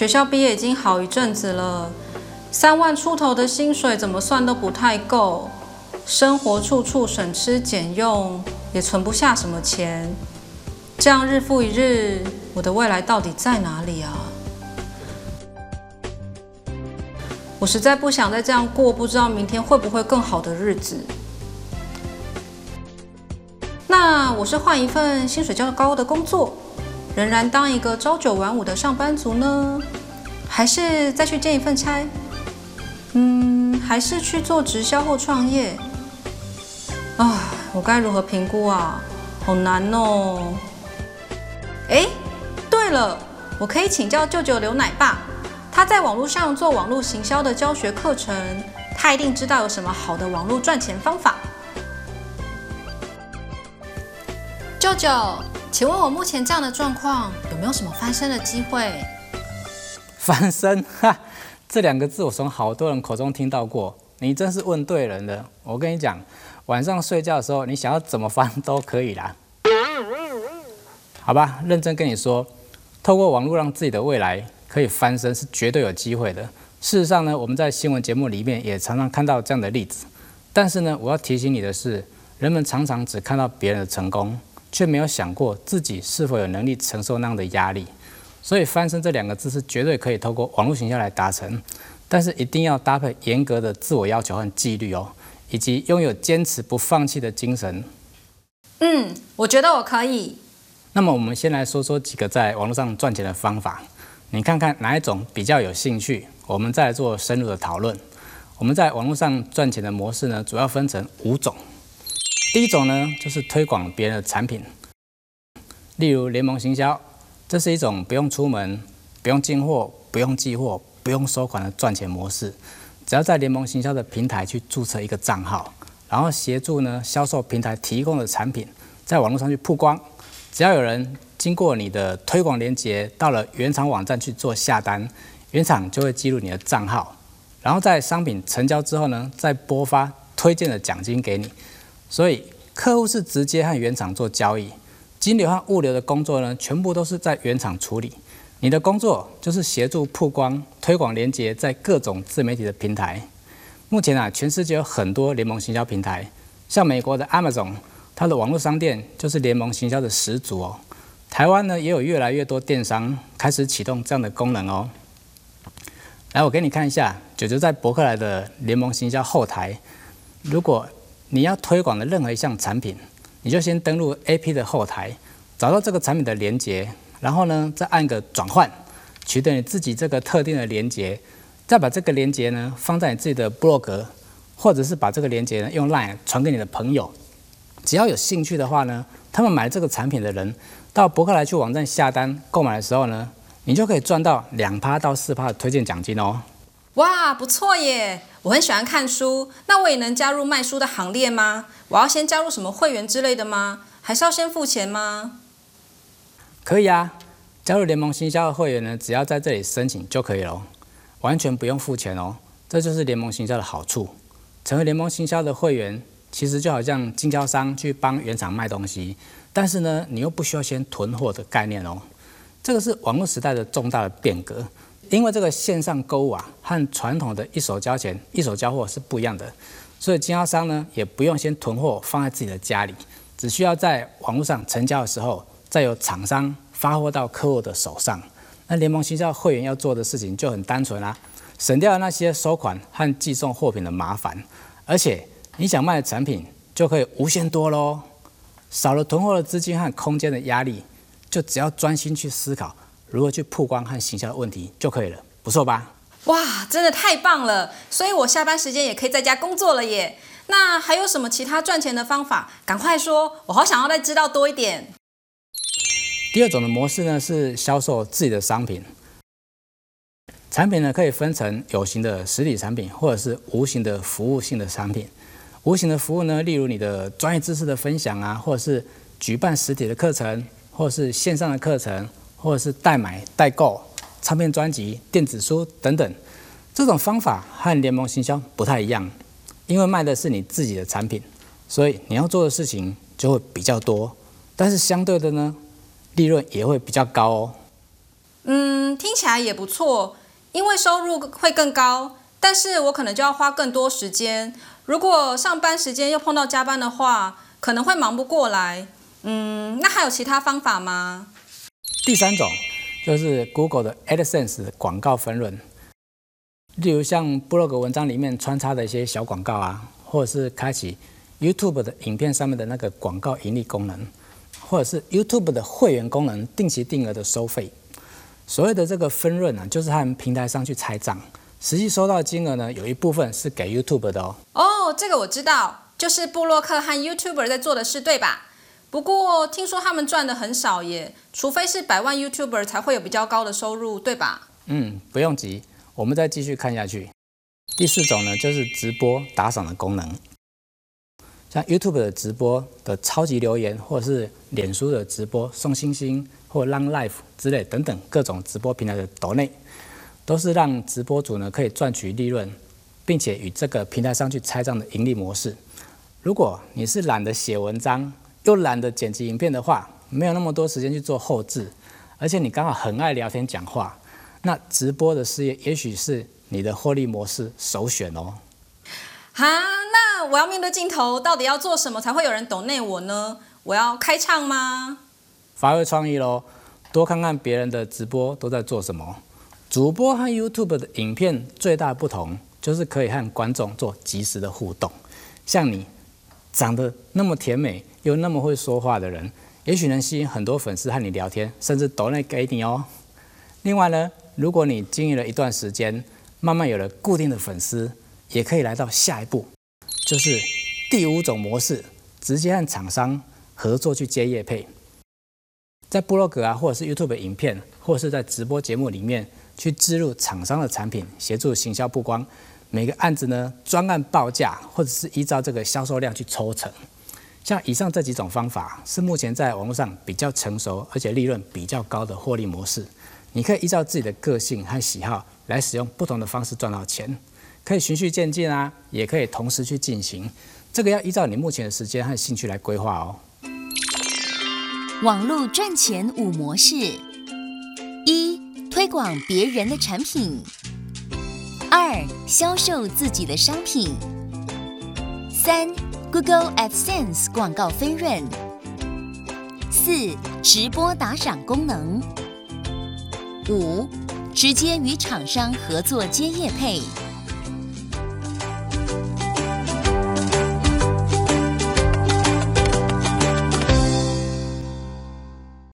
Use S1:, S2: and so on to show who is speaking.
S1: 學校畢業已經好一陣子了，三萬出頭的薪水怎麼算都不太夠，生活處處省吃儉用，也存不下什麼錢。這樣日復一日，我的未來到底在哪裡啊？我實在不想再這樣過，不知道明天會不會更好的日子。那我是換一份薪水較高的工作？仍然當一個朝九晚五的上班族呢，還是再去兼一份差？嗯，還是去做直銷或創業？啊，我該如何評估啊？好難哦。哎，對了，我可以請教舅舅劉奶爸，他在網絡上做網絡行銷的教學課程，他一定知道有什麼好的網絡賺錢方法。舅舅。請問，我目前這樣的狀況有沒有什麼翻身的機會？
S2: 翻身，哈，這兩個字我從好多人口中聽到過。你真是問對人了。我跟你講，晚上睡覺的時候，你想要怎麼翻都可以啦。嗯。好吧，認真跟你說，透過網絡讓自己的未來可以翻身是絕對有機會的。事實上呢，我們在新聞節目裡面也常常看到這樣的例子。但是呢，我要提醒你的是，人們常常只看到別人的成功。卻沒有想過自己是否有能力承受那樣的壓力，所以“翻身”這兩個字是絕對可以透過網絡行銷來達成，但是一定要搭配嚴格的自我要求和紀律哦，以及擁有堅持不放棄的精神。
S1: 嗯，我覺得我可以。
S2: 那麼我們先來說說幾個在網絡上賺錢的方法，你看看哪一種比較有興趣，我們再來做深入的討論。我們在網絡上賺錢的模式呢，主要分成五種。第一種呢，就是推廣別人的產品，例如聯盟行銷，這是一種不用出門、不用進貨、不用寄貨、不用收款的賺錢模式。只要在聯盟行銷的平台去注冊一個賬號，然後協助呢銷售平台提供的產品在網絡上去曝光。只要有人經過你的推廣鏈接到了原廠網站去做下單，原廠就會記錄你的賬號，然後在商品成交之後呢，再撥發推薦的獎金給你。所以客戶是直接和原廠做交易，金流和物流的工作呢，全部都是在原廠處理。你的工作就是協助曝光、推廣、連接在各種自媒體的平台。目前啊，全世界有很多聯盟行銷平台，像美國的 Amazon，它的網絡商店就是聯盟行銷的始祖哦。台灣呢，也有越來越多電商開始啟動這樣的功能哦。來，我給你看一下，九九在博客來的聯盟行銷後台，如果。你要推廣的任何一項產品，你就先登錄 AP 的後台，找到這個產品的鏈接，然後呢，再按個轉換，取得你自己這個特定的鏈接，再把這個鏈接呢放在你自己的部落格，或者是把這個鏈接呢用 Line 傳給你的朋友。只要有興趣的話呢，他們買這個產品的人到博客來去網站下單購買的時候呢，你就可以賺到兩趴到四趴的推薦獎金哦。
S1: 哇，不錯耶！我很喜歡看書，那我也能加入賣書的行列嗎？我要先加入什麼會員之類的嗎？還是要先付錢嗎？
S2: 可以啊，加入聯盟行銷的會員呢，只要在這裡申請就可以了，完全不用付錢哦。這就是聯盟行銷的好處。成為聯盟行銷的會員，其實就好像經銷商去幫原廠賣東西，但是呢，你又不需要先囤貨的概念哦。這個是網絡時代的重大的變革。因為這個線上購物啊，和傳統的一手交錢一手交貨是不一樣的，所以經銷商呢也不用先囤貨放在自己的家裡，只需要在網絡上成交的時候，再由廠商發貨到客戶的手上。那聯盟行銷會員要做的事情就很單純啦、啊，省掉了那些收款和寄送貨品的麻煩，而且你想賣的產品就可以無限多嘍，少了囤貨的資金和空間的壓力，就只要專心去思考如何去曝光和行銷的問題就可以了，不錯吧？哇，
S1: 真的太棒了！所以我下班時間也可以在家工作了耶。那還有什麼其他賺錢的方法？趕快說，我好想要再知道多一點。
S2: 第二種的模式呢，是銷售自己的商品。產品呢可以分成有形的實體產品，或者是無形的服務性的商品。無形的服務呢，例如你的專業知識的分享啊，或者是舉辦實體的課程，或是線上的課程。或者是代買、代購、唱片專輯、電子書等等，這種方法和聯盟行銷不太一樣，因為賣的是你自己的產品，所以你要做的事情就會比較多。但是相對的呢，利潤也會比較高哦。
S1: 嗯，聽起來也不錯，因為收入會更高，但是我可能就要花更多時間。如果上班時間又碰到加班的話，可能會忙不過來。嗯，那還有其他方法嗎？
S2: 第三種就是 Google 的 AdSense 廣告分潤，例如像部落格文章裡面穿插的一些小廣告啊，或者是開啟 YouTube 的影片上面的那個廣告盈利功能，或者是 YouTube 的會員功能定期定額的收費。所謂的這個分潤呢、啊，就是他們平台上去拆賬，實際收到金額呢，有一部分是給 YouTube 的
S1: 哦。哦，這個我知道，就是部落客和 YouTuber 在做的事，對吧？不過聽說他們賺的很少耶，除非是百萬 YouTuber 才會有比較高的收入，對吧？
S2: 嗯，不用急，我們再繼續看下去。第四種呢，就是直播打賞的功能，像 YouTube 的直播的超級留言，或者是臉書的直播送星星或 Long Life 之類等等，各種直播平台的抖內，都是讓直播主呢可以賺取利潤，並且與這個平台上去拆賬的盈利模式。如果你是懶得寫文章，又懶得剪輯影片的話，沒有那麼多時間去做後製。而且你剛好很愛聊天講話，那直播的事業也許是你的獲利模式首選哦。
S1: 哈，那我要面對鏡頭，到底要做什麼才會有人斗內我呢？我要開唱嗎？
S2: 發揮創意嘍，多看看別人的直播都在做什麼。主播和 YouTube 的影片最大不同，就是可以和觀眾做即時的互動。像你長得那麼甜美。有那麼會說話的人，也許能吸引很多粉絲和你聊天，甚至 donate 給你哦。另外呢，如果你經營了一段時間，慢慢有了固定的粉絲，也可以來到下一步，就是第五種模式，直接和廠商合作去接業配，在部落格啊，或者是 YouTube 影片，或者是在直播節目裡面去置入廠商的產品，協助行銷曝光。每個案子呢，專案報價，或者是依照這個銷售量去抽成。像以上這幾種方法，是目前在網絡上比較成熟，而且利潤比較高的獲利模式，你可以依照自己的個性和喜好來使用不同的方式賺到錢，可以循序漸進啊，也可以同時去進行，這個要依照你目前的時間和興趣來規劃哦。
S1: 網絡賺錢五模式：一、推廣別人的產品；二、銷售自己的商品；三、Google AdSense 廣告分潤，四，直播打賞功能，五，直接與廠商合作接業配。